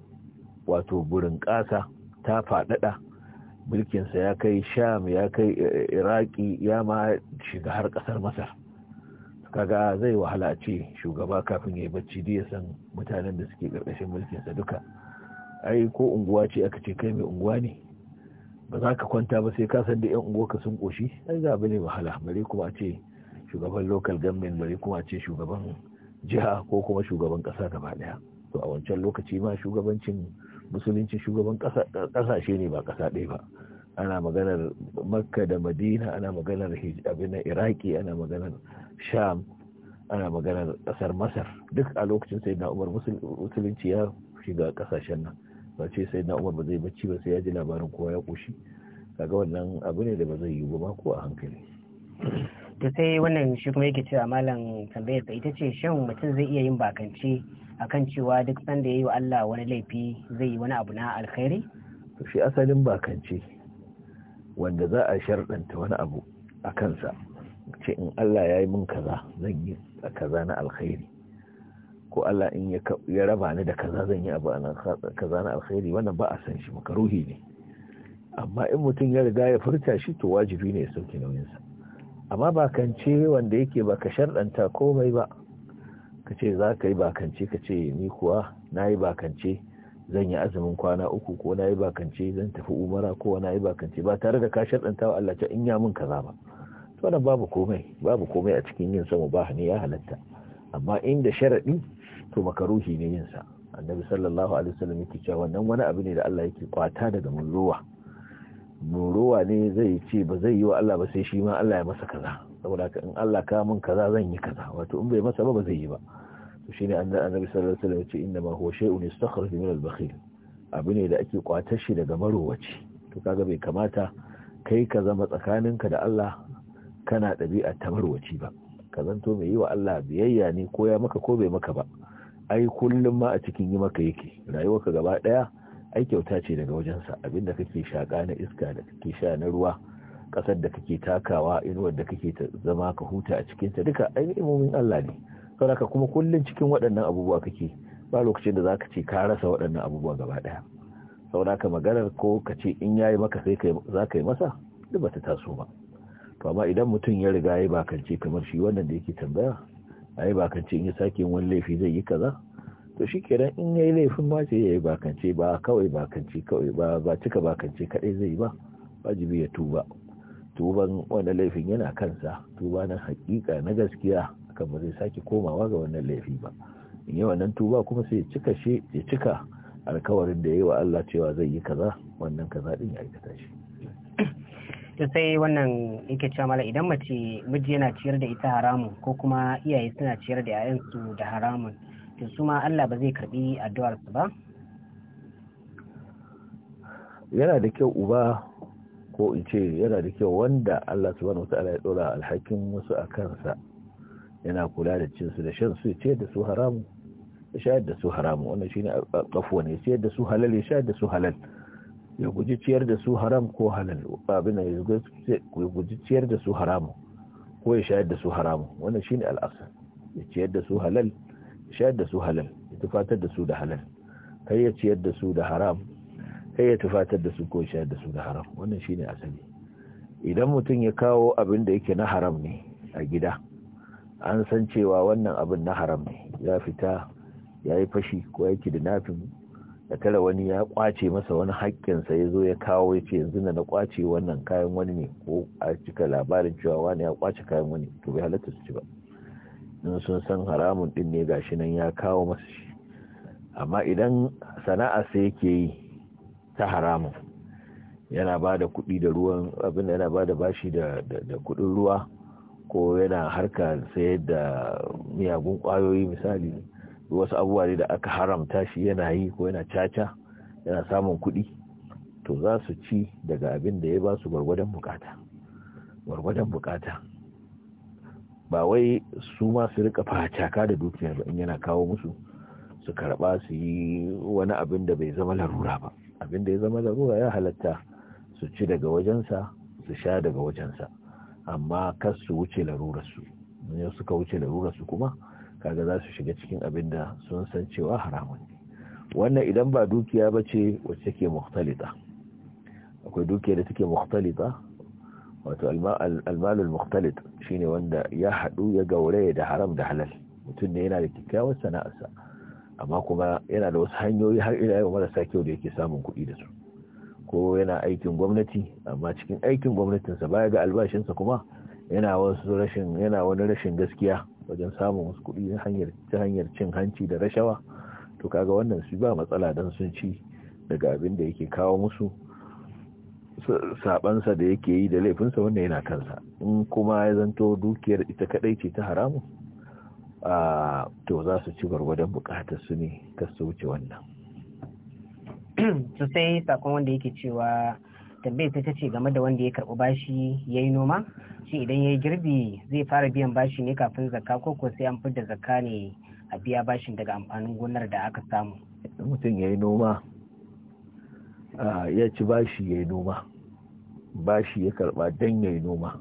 wato burin ƙasa ta faɗaɗa mulkinsa ya kai sham ya kai eh, eh, iraki ya ma shiga har ƙasar masar kaga zai wahala ce shugaba kafin ya yi bacci da ya san mutanen da suke ƙarƙashin mulkinsa duka ai ko unguwa ce aka ce kai mai unguwa ne ba za ka kwanta ba sai ka san da yan ka sun ƙoshi ai ga ne wahala bare kuma ce shugaban local government bari kuma ce shugaban jiha ko kuma shugaban kasa gaba daya to a wancan lokaci ma shugabancin musulunci shugaban kasashe ne ba kasa ɗaya ba ana maganar makka da madina ana maganar abin iraki ana maganar sham ana maganar kasar masar duk a lokacin sai na umar musulunci ya shiga kasashen nan ba ce sai na umar ba zai bacci ba sai ya ji labarin kowa ya kushi kaga wannan abu ne da ba zai yi ba ko a hankali to sai wannan shi kuma yake cewa malam tambayar ita ce shan mutum zai iya yin bakance akan cewa duk sanda ya yi wa Allah wani laifi zai yi wani abu na alkhairi shi asalin bakance wanda za a sharɗanta wani abu a kansa ce in Allah ya yi min kaza zan yi kaza na alkhairi ko Allah in ya raba ni da kaza zan yi abu kaza na alkhairi wannan ba a san shi makaruhi ne amma in mutum ya riga ya furta shi to wajibi ne ya sauke nauyinsa amma ba kance wanda yake baka sharɗanta komai ba ka ce za ka yi bakance ka ce ni kuwa na yi bakance zan yi azumin kwana uku ko na yi bakance zan tafi umara ko na yi bakance ba tare da ka sharɗanta wa Allah ta in ya min kaza ba to wannan babu komai babu komai a cikin yin samu ba ne ya halatta amma inda sharaɗi to makaruhi ne yin sa annabi sallallahu alaihi wasallam yake cewa wannan wani abu ne da Allah yake kwata daga mulluwa burowa ne zai ce ba zai yi wa Allah ba sai shi ma Allah ya masa kaza saboda haka in Allah ka mun kaza zan yi kaza wato in bai masa ba ba zai yi ba to shine annabi sallallahu alaihi wasallam ya ce inna ma huwa shay'un yastakhraju min al-bakhil abu ne da ake kwatar shi daga marowaci to kaga bai kamata kai ka zama tsakaninka da Allah kana ɗabi'a ta marowaci ba ka zanto mai yi wa Allah biyayya ne ko ya maka ko bai maka ba ai kullum ma a cikin yi maka yake rayuwarka gaba ɗaya ai kyauta ce daga wajensa abinda kake shaƙa na iska da kake sha na ruwa ƙasar da kake takawa inuwar da kake zama ka huta a cikinta duka ai ni'imomin Allah ne saboda kuma kullun cikin waɗannan abubuwa kake ba lokacin da zaka ce ka rasa waɗannan abubuwa gaba ɗaya saboda ka maganar ko ka ce in yayi maka sai za ka yi masa duk bata taso ba to amma idan mutum ya riga ya bakance kamar shi wannan da yake tambaya ai bakance in ya sake wani laifi zai yi kaza to shi kenan in yi laifin ma sai yayi bakance ba kawai bakance kawai ba ba cika bakance kadai zai ba wajibi ya tuba tuban wannan laifin yana kansa tuba na hakika na gaskiya kan ba zai sake komawa ga wannan laifi ba in yi wannan tuba kuma sai ya cika shi ya cika alkawarin da ya yi wa Allah cewa zai yi kaza wannan kaza din ya aikata shi to sai wannan yake cewa mala idan mace miji yana ciyar da ita haramun ko kuma iyaye suna ciyar da 'ya'yansu da haramun to su ma Allah ba zai karbi addu'ar su ba yana da kyau uba ko in ce yana da kyau wanda Allah subhanahu wataala ya dora alhakin wasu a kansa yana kula da cin su da shan su ce da su haramu ya shayar da su haramu wannan shine kafuwa ne ce da su halal ya shayar da su halal ya guji ciyar da su haram ko halal babu na ya guji ciyar da su haramu ko ya shayar da su haramu wannan shine al'asar ya ciyar da su halal shayar da su halal ya tufatar da su da halal kai ya ciyar da su da haram kai ya tufatar da su ko shayar da su da haram wannan shine asali idan mutum ya kawo abin da yake na haram ne a gida an san cewa wannan abin na haram ne ya fita ya yi fashi ko ya kidnapping da tara wani ya kwace masa wani haƙƙinsa ya zo ya kawo ya ce yanzu na kwace wannan kayan wani ne ko a cika labarin cewa wani ya kwace kayan wani to bai halatta su ci ba in sun san haramun din ne gashi nan ya kawo masu shi amma idan sana'a sai yake yi ta haramun yana ba da kuɗi da ruwan abin yana ba da bashi da kuɗin ruwa ko yana harka sayar da miyagun kwayoyi misali wasu abubuwa ne da aka haramta shi yana yi ko yana caca yana samun kuɗi to za su ci daga abin da ya ba su gwargwadon gwargwadon bukata ba wai su ma su rika fataka da dukiyar ba in yana kawo musu su karba su yi wani abin da bai zama larura ba abin da ya zama larura ya halatta su ci daga wajensa su sha daga wajensa amma kas su wuce larurarsu in suka wuce su kuma kaga za su shiga cikin abin da sun san cewa haramun wannan idan ba dukiya ba ce wacce ke mukhtalita akwai dukiya da take mukhtalita wato almalul mukhtalid shine wanda ya hadu ya gauraya da haram da halal mutum ne yana da kyakkyawar sana'arsa amma kuma yana da wasu hanyoyi har ila yau marasa kyau da yake samun kuɗi da su ko yana aikin gwamnati amma cikin aikin gwamnatinsa baya ga albashinsa kuma yana wasu rashin yana wani rashin gaskiya wajen samun wasu kuɗi hanyar ta hanyar cin hanci da rashawa to kaga wannan su ba matsala dan sun ci daga abin da yake kawo musu sabansa da yake yi da laifinsa wanda yana kansa in kuma ya zanto dukiyar ita kadai ce ta haramu to za su ci gwargwadon bukatar su ne kasu wuce wannan sosai sakon wanda yake cewa tambayar ta ce game da wanda ya karɓi bashi ya yi noma shi idan ya yi girbi zai fara biyan bashi ne kafin zakka ko ko sai an fidda zakka ne a biya bashin daga amfanin gonar da aka samu mutum ya yi noma ya ci bashi ya yi noma bashi ya karba don ya yi noma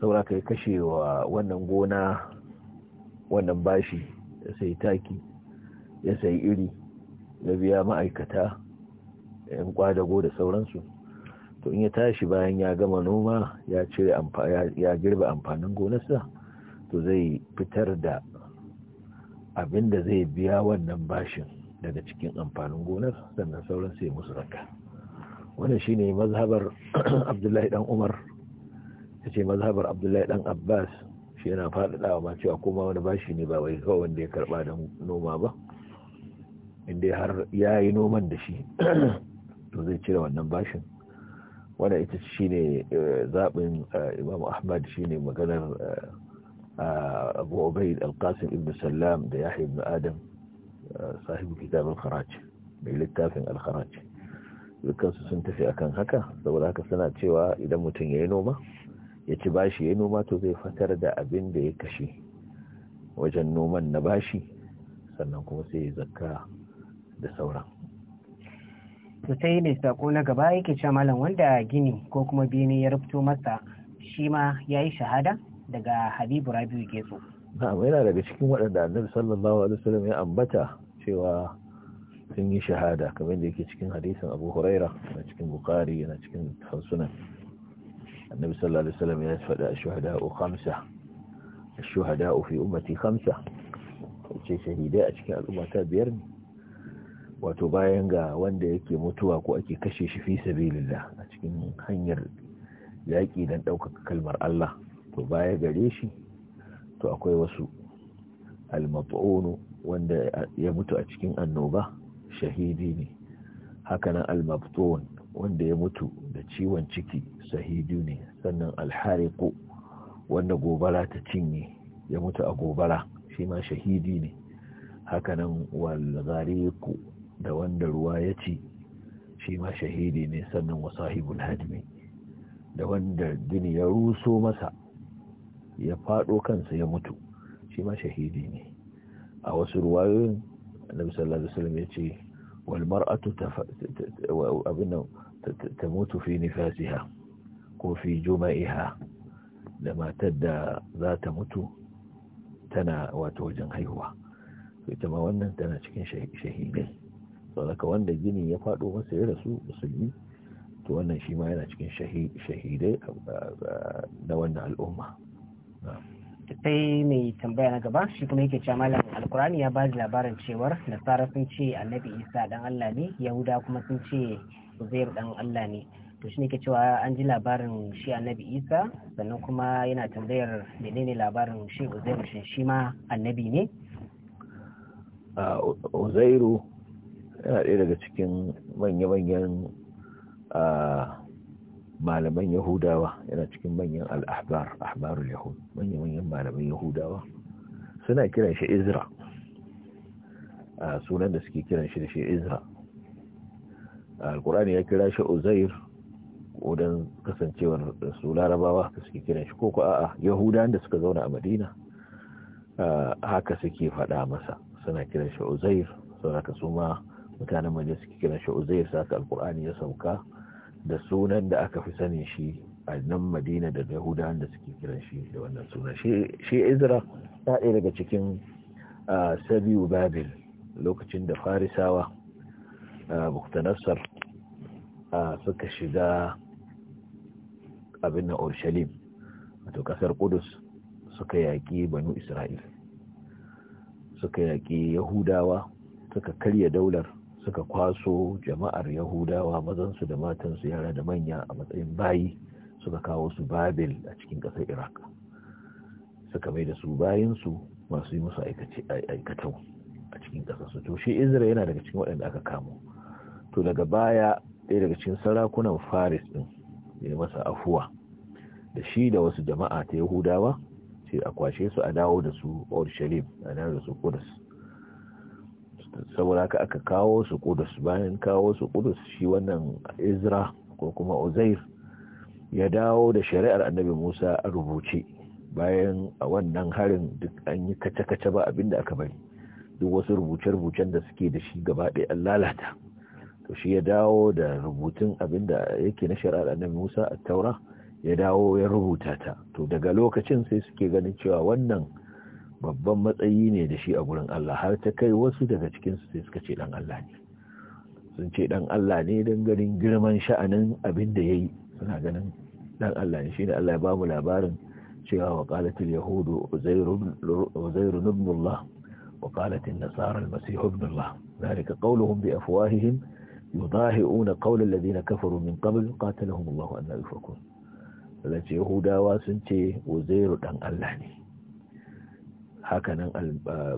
saura kai yi kashe wa wannan gona wannan bashi ya sayi taki ya sayi iri ya biya ma'aikata yan kwadago da sauransu to in ya tashi bayan ya gama noma ya cire ya girbe amfanin gonarsa to zai fitar da abin da zai biya wannan bashin daga cikin amfanin gonar sannan sauran sai musu zakka wannan shine mazhabar Abdullahi dan Umar yace mazhabar Abdullahi dan Abbas shi yana faɗaɗawa ma cewa kuma wani bashi ne ba wai kawai wanda ya karɓa don noma ba inda har ya yi noman da shi to zai cire wannan bashin wanda ita shi ne eh, zaɓin eh, imam ahmad shi ne maganar eh, ah, abu obaid alkasim ibn salam da yahya ibn adam sahibu kitabin kharaj mai littafin al-kharaj dukansu sun tafi akan haka saboda haka suna cewa idan mutum ya yi noma ya ci bashi ya yi noma to zai fatar da abin da ya kashe wajen noman na bashi sannan kuma sai ya zakka da sauran to sai sako na gaba yake cewa malam wanda gini ko kuma bene ya rubuto masa shi ma ya yi shahada daga habibu rabiu getso na'am yana daga cikin waɗanda annabi sallallahu alaihi wasallam ya ambata cewa sun yi shahada kamar da yake cikin hadisin Abu Huraira na cikin Bukhari na cikin Sunan annabi sallallahu alaihi wasallam ya faɗa shuhada'u khamsa shuhada'u fi ummati khamsa ce shahidai a cikin al'ummata biyar ne wato bayan ga wanda yake mutuwa ko ake kashe shi fi sabilillah a cikin hanyar yaƙi don ɗaukaka kalmar Allah to baya gare shi to akwai wasu almat'unu wanda ya mutu a cikin annoba shahidi ne hakanan almabtun wanda ya mutu da ciwon ciki shahidi ne sannan alhariku wanda gobara ta cinye ya mutu a gobara shi ma shahidi ne hakanan walghariqu da wanda ruwa ya ci shi ma shahidi ne sannan wasahibul hadmi da wanda dini ya ruso masa ya faɗo kansa ya mutu shi ma shahidi ne a wasu ruwayoyin annabi sallallahu alaihi ya ce wal mar'atu ta mutu fi nifasiha ko fi juma'iha da matar da za ta mutu tana wata wajen haihuwa ita ma wannan tana cikin shahidai saboda wanda gini ya faɗo masa ya rasu musulmi to wannan shi ma yana cikin shahidai na wannan al'umma sai mai tambaya na gaba shi kuma yake cewa malam alkurani ya bada labarin cewar nasara sun ce annabi isa dan allah ne yahuda kuma sun ce uzairu dan allah ne to shi ne ke cewa an ji labarin shi annabi isa sannan kuma yana tambayar menene labarin shi uzairu shi shi ma annabi ne uzairu yana ɗaya daga cikin manya-manyan malaman yahudawa yana cikin manyan al'ahbar ahbarul yahud manyan manyan malaman yahudawa suna kiran shi izra a sunan da suke kiran shi da shi izra alkur'ani ya kira shi uzair kodan kasancewar su larabawa da suke kiran shi ko a'a yahudan da suka zauna a madina haka suke fada masa suna kiran shi uzair sauraka su ma mutanen maje suke kiran shi uzair saka alkur'ani ya sauka da sunan da aka fi sanin shi a nan madina da yahudawan da suke kiran shi da wannan sunan shi izra ta ɗaya daga cikin sabiu babil lokacin da farisawa buktanassar suka shiga abin na urshalim wato kasar kudus suka yaƙi banu isra'il suka yaƙi yahudawa suka karya daular suka kwaso jama'ar yahudawa mazansu da matansu yara da manya a matsayin bayi suka kawo su babil a cikin ƙasar iraq suka mai da su bayansu masu yi musu aikatau a cikin ƙasarsu to shi izra yana daga cikin waɗanda aka kamo to daga baya ɗaya daga cikin sarakunan faris ɗin ya masa afuwa da shi da wasu jama'a ta yahudawa sai a kwashe su a dawo da su Orshalim a dawo da su kudus saboda haka aka kawo su kudus bayan kawo su kudus shi wannan izra ko kuma uzair ya dawo da shari'ar annabi musa a rubuce bayan a wannan harin duk an yi kace-kace ba abinda aka bari duk wasu rubuce-rubucen da suke da shi gaba ɗaya an lalata to shi ya dawo da rubutun abinda yake na shari'ar annabi musa a taura ya dawo ya rubuta ta to daga lokacin sai suke ganin cewa wannan babban matsayi ne da shi a gurin Allah har ta kai wasu daga cikinsu sai suka ce dan Allah ne sun ce dan Allah ne don ganin girman sha'anin abin da ya yi suna ganin dan Allah ne shine Allah ya ba mu labarin cewa wa qalatil yahudu uzairu nasarar Allah wa qalatil nasara al-masih ibn Allah ذلك قولهم بافواههم da قول الذين كفروا من قبل قاتلهم الله أن يفكون التي يهوداوا sun ce uzairu dan Allah ne hakanan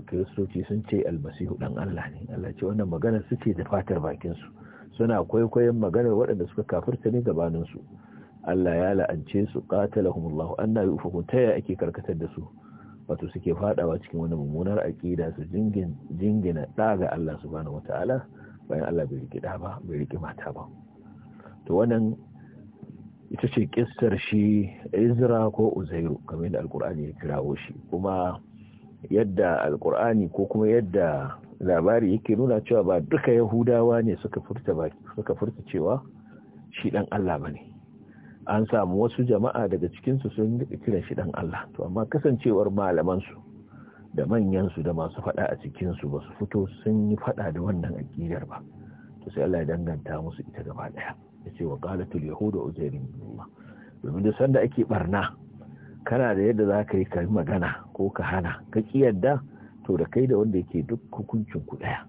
kiristoci sun ce almasihu dan Allah ne Allah ce wannan magana suke da fatar bakin su suna kwaikwayon maganar waɗanda suka kafirta ne su Allah ya la'ance su qatalahumullahu anna yufukun ta ake karkatar da su wato suke fadawa cikin wani mummunar aqida su jingin jingina da ga Allah subhanahu wataala bayan Allah bai riki da ba bai riki mata ba to wannan ita ce kissar shi Izra ko Uzairu kamar yadda Alkur'ani ya kirawo shi kuma yadda alkur'ani ko kuma yadda labari yake nuna cewa ba duka yahudawa ne suka furta cewa shi dan Allah ba ne. an samu wasu jama'a daga cikinsu sun sun kiran shi dan Allah to amma kasancewar malamansu da manyansu da masu fada a cikinsu ba su fito sun yi fada da wannan aqidar ba to sai Allah ya danganta musu ita gaba daya yace wa qalatul yahudu uzairin domin da sanda ake barna kana da yadda za ka yi ka magana ko ka hana ka kiyarda to da kai da wanda yake duk hukuncin ku daya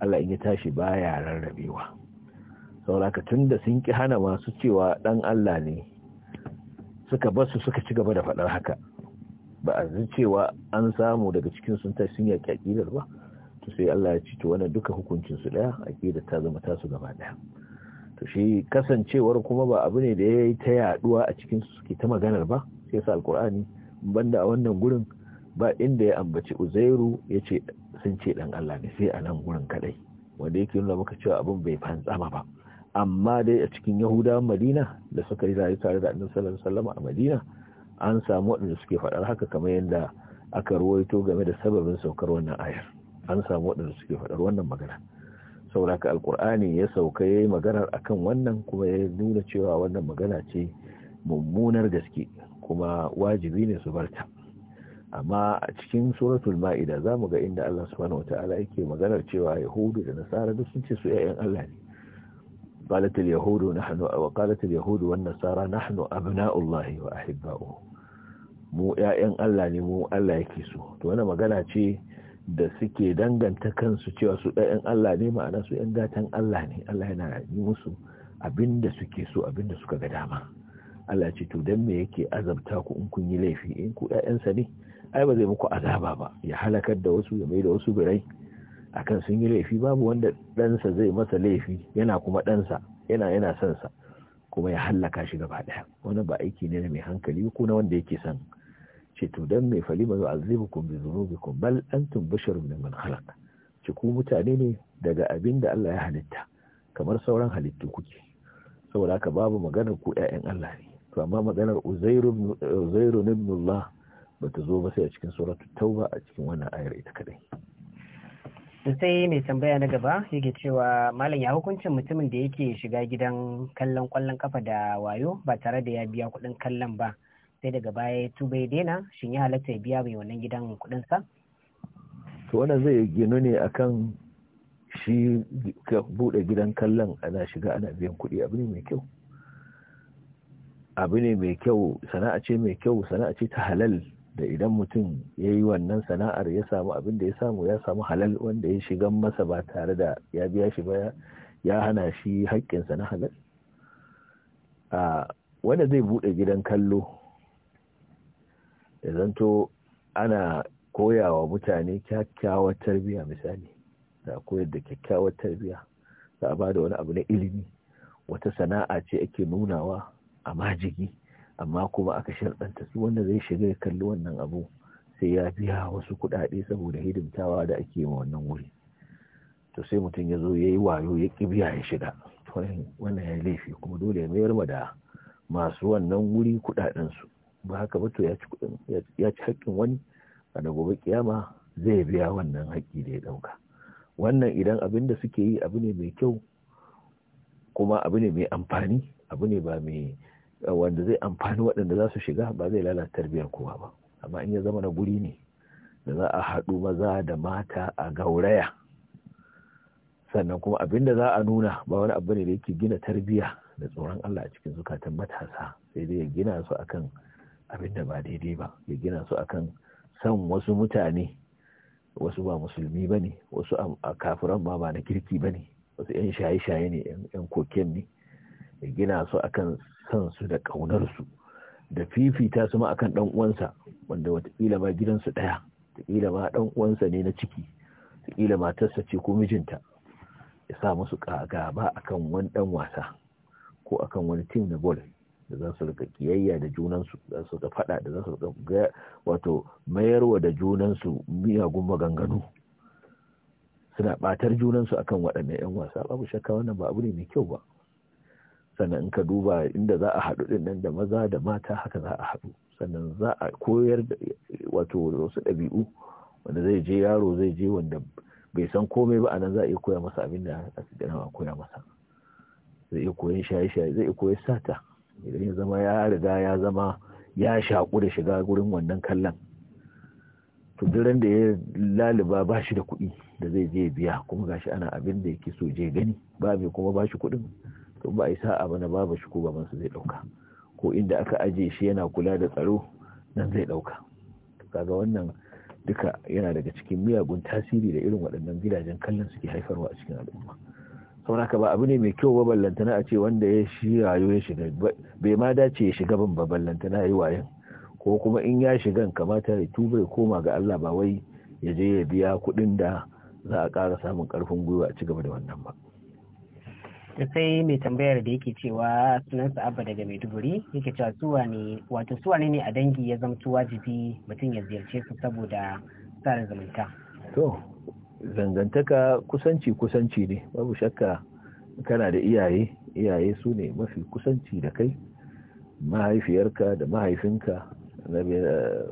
Allah in ya tashi ba ya rarrabewa saboda tun da sun ki hana masu cewa dan Allah ne suka basu suka ci gaba da faɗar haka ba a cewa an samu daga cikin sun tashi sun yaƙi aƙidar ba to sai Allah ya ci to wannan duka hukuncin su daya aƙidar ta zama tasu gaba daya to shi kasancewar kuma ba abu ne da ya yi ta yaduwa a cikin su suke ta maganar ba ke sa alkur'ani banda a wannan gurin ba inda ya ambaci uzairu ya ce sun ce dan Allah ne sai a nan gurin kadai wanda yake nuna maka cewa abin bai fantsama ba amma dai a cikin yahudawan madina da suka yi rayu tare da annabi sallallahu alaihi wasallam a madina an samu wadanda suke faɗar haka kamar yadda aka ruwaito game da sababin saukar wannan ayar an samu wadanda suke faɗar wannan magana saboda ka alkur'ani ya sauka yi maganar akan wannan kuma ya nuna cewa wannan magana ce mummunar gaske kuma wajibi ne su barta amma a cikin suratul ma'ida za mu ga inda Allah subhanahu wata'ala yake maganar cewa yahudu da nasara duk sun ce su ƴaƴan Allah ne Yahudu قالت اليهود Yahudu وقالت Nasara والنصارى نحن أبناء wa وأحباؤه mu ‘ya'yan Allah ne mu Allah yake so to wani magana ce da suke danganta kansu cewa su ‘ya'yan Allah ne ma'ana su ‘yan gatan Allah ne Allah yana yi musu abinda suke so abinda suka ga dama Allah ce to dan me yake azabta ku in kun yi laifi in ku ƴaƴansa ne ai ba zai muku azaba ba ya halakar da wasu ya mai da wasu birai akan sun yi laifi babu wanda ɗansa zai masa laifi yana kuma ɗansa yana yana son sa kuma ya hallaka shi gaba ɗaya wani ba aiki ne na mai hankali ko na wanda yake son ce to dan me falima yu'azibukum bi dhunubikum bal antum basharun mimman khalaq ce ku mutane ne daga abin da Allah ya halitta kamar sauran halittu kuke saboda haka babu maganar ku ƴaƴan Allah ne to amma maganar uzairu ibnullah ba ta zo ba sai a cikin suratul tauba a cikin wannan ayar ita kadai sai mai tambaya na gaba yake cewa malam ya hukuncin mutumin da yake shiga gidan kallon kwallon kafa da wayo ba tare da ya biya kuɗin kallon ba sai daga baya ya tuba ya daina shin ya halatta ya biya mai wannan gidan kuɗin sa to wannan zai ginu ne akan shi ka buɗe gidan kallon ana shiga ana biyan kuɗi abu ne mai kyau abu ne mai kyau sana'a ce mai kyau sana'a ce ta halal da idan mutum ya yi wannan sana'ar ya samu abin da ya samu ya samu halal wanda ya shiga masa ba tare da ya biya shi ba ya hana shi haƙƙinsa na halal a wanda zai buɗe gidan kallo ya zanto ana koyawa mutane kyakkyawar tarbiyya misali za a koyar da kyakkyawar tarbiyya za a ba da wani abu na ilimi wata sana'a ce ake nunawa a majigi amma kuma aka sharɗanta su wanda zai shiga ya kalli wannan abu sai ya biya wasu kuɗaɗe saboda hidimtawa da ake yi wannan wuri to sai mutum ya zo ya yi wayo ya ƙi biya ya shiga wannan ya laifi kuma dole ya mayar ma da masu wannan wuri kuɗaɗensu ba haka ba to ya ci haƙƙin wani a da gobe kiyama zai biya wannan haƙƙi da ya ɗauka wannan idan abin da suke yi abu ne mai kyau kuma abu ne mai amfani abu ne ba mai wanda zai amfani waɗanda za su shiga ba zai lalata tarbiyyar kowa ba amma in ya zama na guri ne da za a haɗu maza da mata a gauraya sannan kuma abinda za a nuna ba wani abu ne da yake gina tarbiyya da tsoron Allah a cikin zukatan matasa sai dai ya gina su akan abinda ba daidai ba ya gina su akan san wasu mutane wasu ba musulmi ba ne wasu a kafiran ma ba na kirki ba ne wasu 'yan shaye-shaye ne 'yan koken ne ya gina su akan san su da ƙaunar su da fifita su ma akan ɗan uwansa wanda watakila ma gidansu ɗaya watakila ma ɗan'uwansa uwansa ne na ciki watakila matarsa ce ko mijinta ya sa musu a akan wani ɗan wasa ko akan wani tim na bol da za su rika kiyayya da junansu za su rika faɗa da za su rika wato mayarwa da junansu miyagun maganganu suna ɓatar junansu akan waɗannan 'yan wasa babu shakka wannan ba abu ne mai kyau ba sannan ka duba inda za a haɗu ɗin nan da maza da mata haka za a haɗu sannan za a koyar da wato wasu ɗabi'u wanda zai je yaro zai je wanda bai san komai ba a nan za a iya koya masa abin da a koya masa zai iya koyan shaye-shaye zai iya koyan sata idan ya zama ya riga ya zama ya shaƙu da shiga gurin wannan kallon to duran da ya laliba ba shi da kuɗi da zai je biya kuma gashi ana abin da yake so je gani ba mai kuma ba shi kuɗin to ba a sa'a ba na babu shi ko babansa zai ɗauka ko inda aka ajiye shi yana kula da tsaro nan zai dauka kaga wannan duka yana daga cikin miyagun tasiri da irin waɗannan gidajen kallon suke haifarwa a cikin al'umma ka ba abu ne mai kyau ba ballantana a ce wanda ya shi rayo ya shiga bai ma dace ya shiga ban ba ballantana ya yi wayan ko kuma in ya shigan kamata ya tuba ya koma ga Allah ba wai ya je ya biya kuɗin da za a ƙara samun ƙarfin gwiwa a ci gaba da wannan ba sai mai tambayar da yake cewa sunansa abba daga maiduguri yake cewa suwa ne wato suwa ne a dangi ya zamto wajibi mutum ya ziyarce su saboda tsara zumunta to zangantaka kusanci kusanci ne babu shakka kana da iyaye iyaye su ne mafi kusanci da kai mahaifiyarka da mahaifinka eh,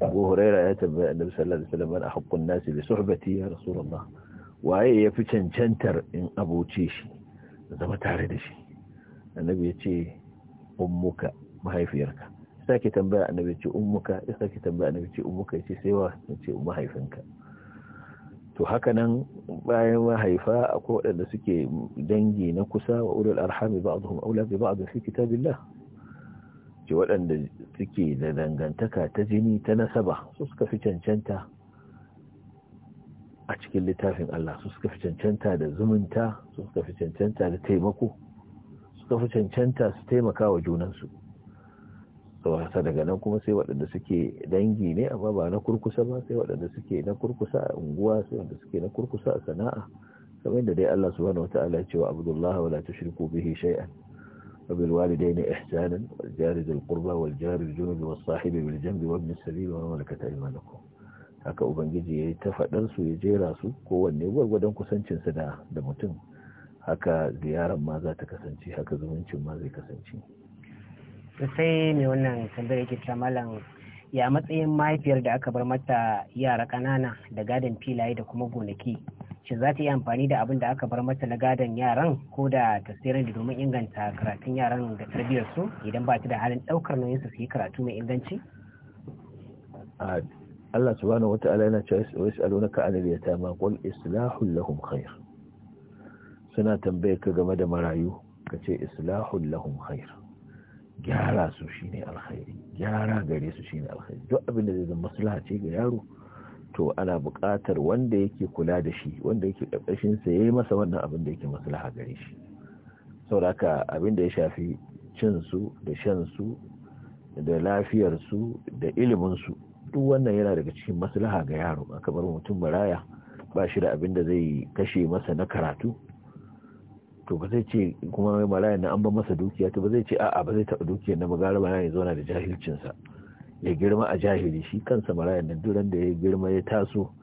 abu huraira ya tambaya annabi sallallahu alaihi wasallam a hakun nasi bi suhbati ya rasulullah waye ya fi cancantar in abuce shi zama tare da shi annabi ya ce ummuka mahaifiyarka ya sake tambaya annabi ya ce ummuka ya sake tambaya annabi ya ce ummuka ya ce sai wa ya ce mahaifinka to haka nan bayan mahaifa akwai waɗanda suke dangi na kusa wa ulul arhami ba'dhum aula bi ba'd fi kitabillah ce waɗanda suke da dangantaka ta jini ta nasaba su suka fi cancanta a cikin littafin Allah su suka fi cancanta da zumunta su suka fi cancanta da taimako suka fi cancanta su taimaka wa junansu wasa daga nan kuma sai waɗanda suke dangi ne amma ba na kurkusa ba sai waɗanda suke na kurkusa a unguwa sai waɗanda suke na kurkusa a sana'a kamar da dai Allah subhanahu wata'ala cewa abdullahi wala tushriku bihi shay'an wa bil walidayni ihsanan wal jari dhil qurba wal jari al junubi was sahibi bil janbi wa ibn as-sabil wa malakat aymanukum haka ubangiji ya yi ta su ya jera su kowanne gwargwadon kusancinsu da da mutum haka ziyarar ma za ta kasance haka zumuncin ma zai kasance sai mai wannan tambayar yake cewa malam ya matsayin mahaifiyar da aka bar mata yara kanana da gadon filaye da kuma gonaki shin za ta yi amfani da abin da aka bar mata na gadon yaran ko da ta sayar da domin inganta karatun yaran da tarbiyyar idan ba ta da halin ɗaukar nauyin su yi karatu mai inganci Allah subhanahu wata'ala yana cewa yas'alunaka 'anil yatama qul islahul lahum khair suna tambaye ka game da marayu kace islahul lahum khair gyara su shine alkhairi gyara gare su shine alkhairi duk abin da zai zama maslaha ce ga yaro to ana buƙatar wanda yake kula da shi wanda yake ƙarƙashin sa yayi masa wannan abin da yake maslaha gare shi saboda haka abin da ya shafi cin su da shan su da lafiyar su da ilimin su duk wannan yana daga cikin maslaha ga yaro aka kamar mutum maraya ba shi da abin da zai kashe masa na karatu to ba zai ce kuma mai maraya na an ba masa dukiya to ba zai ce a'a ba zai taba dukiyar na magara maraya ya zauna da jahilcinsa ya girma a jahili shi kansa marayan na duran da ya girma ya taso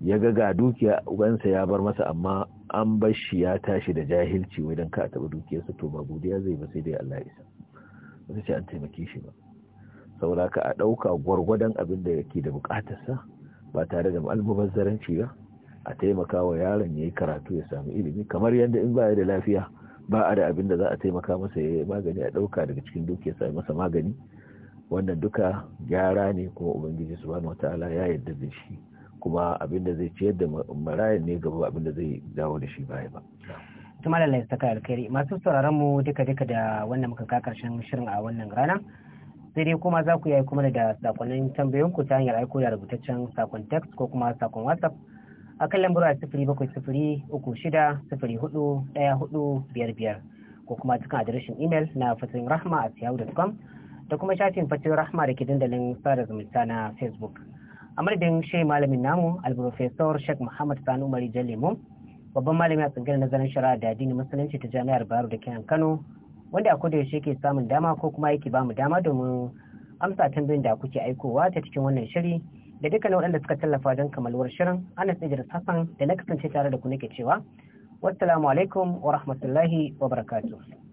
ya ga ga dukiya ubansa ya bar masa amma an bar shi ya tashi da jahilci wajen ka taɓa dukiyarsa to ba godiya zai ba sai dai Allah ya isa ba zai ce an taimake shi ba sauraka a ɗauka gwargwadon abin da yake da bukatarsa ba tare da almubazzaranci ba a taimaka wa yaron ya yi karatu ya samu ilimi kamar yadda in ba da lafiya ba a da abin da za a taimaka masa ya magani a ɗauka daga cikin duk ya sami masa magani wannan duka gyara ne kuma ubangiji su bani wataala ya yarda da shi kuma abin da zai ciyar da marayan ne gaba abin da zai dawo da shi baya ba tuma da lai saka alkhairi masu sauraron mu duka duka da wannan muka ka karshen shirin a wannan rana sai dai kuma za ku yi kuma da da sakonnin ku ta hanyar aiko da rubutaccen sakon text ko kuma sakon whatsapp a kan lambar a sifiri bakwai sifiri uku shida sifiri hudu daya hudu biyar biyar ko kuma cikin adireshin imel na fatin rahma a siyahu.com da kuma shafin fatin rahma da ke dandalin sada zumunta na facebook a madadin shi malamin namu alprofesor sheikh muhammad sani umari jallimu babban malami a tsangirar nazarin shari'a da addinin musulunci ta jami'ar bayero da kenan kano wanda a shi ke samun dama ko kuma yake bamu dama domin amsa tambayin da kuke aikowa ta cikin wannan shiri da dukkan waɗanda suka tallafa don kamaluwar shirin ana tsijar sassan da na kasance tare da ku nake cewa wassalamu alaikum wa rahmatullahi wa barakatuh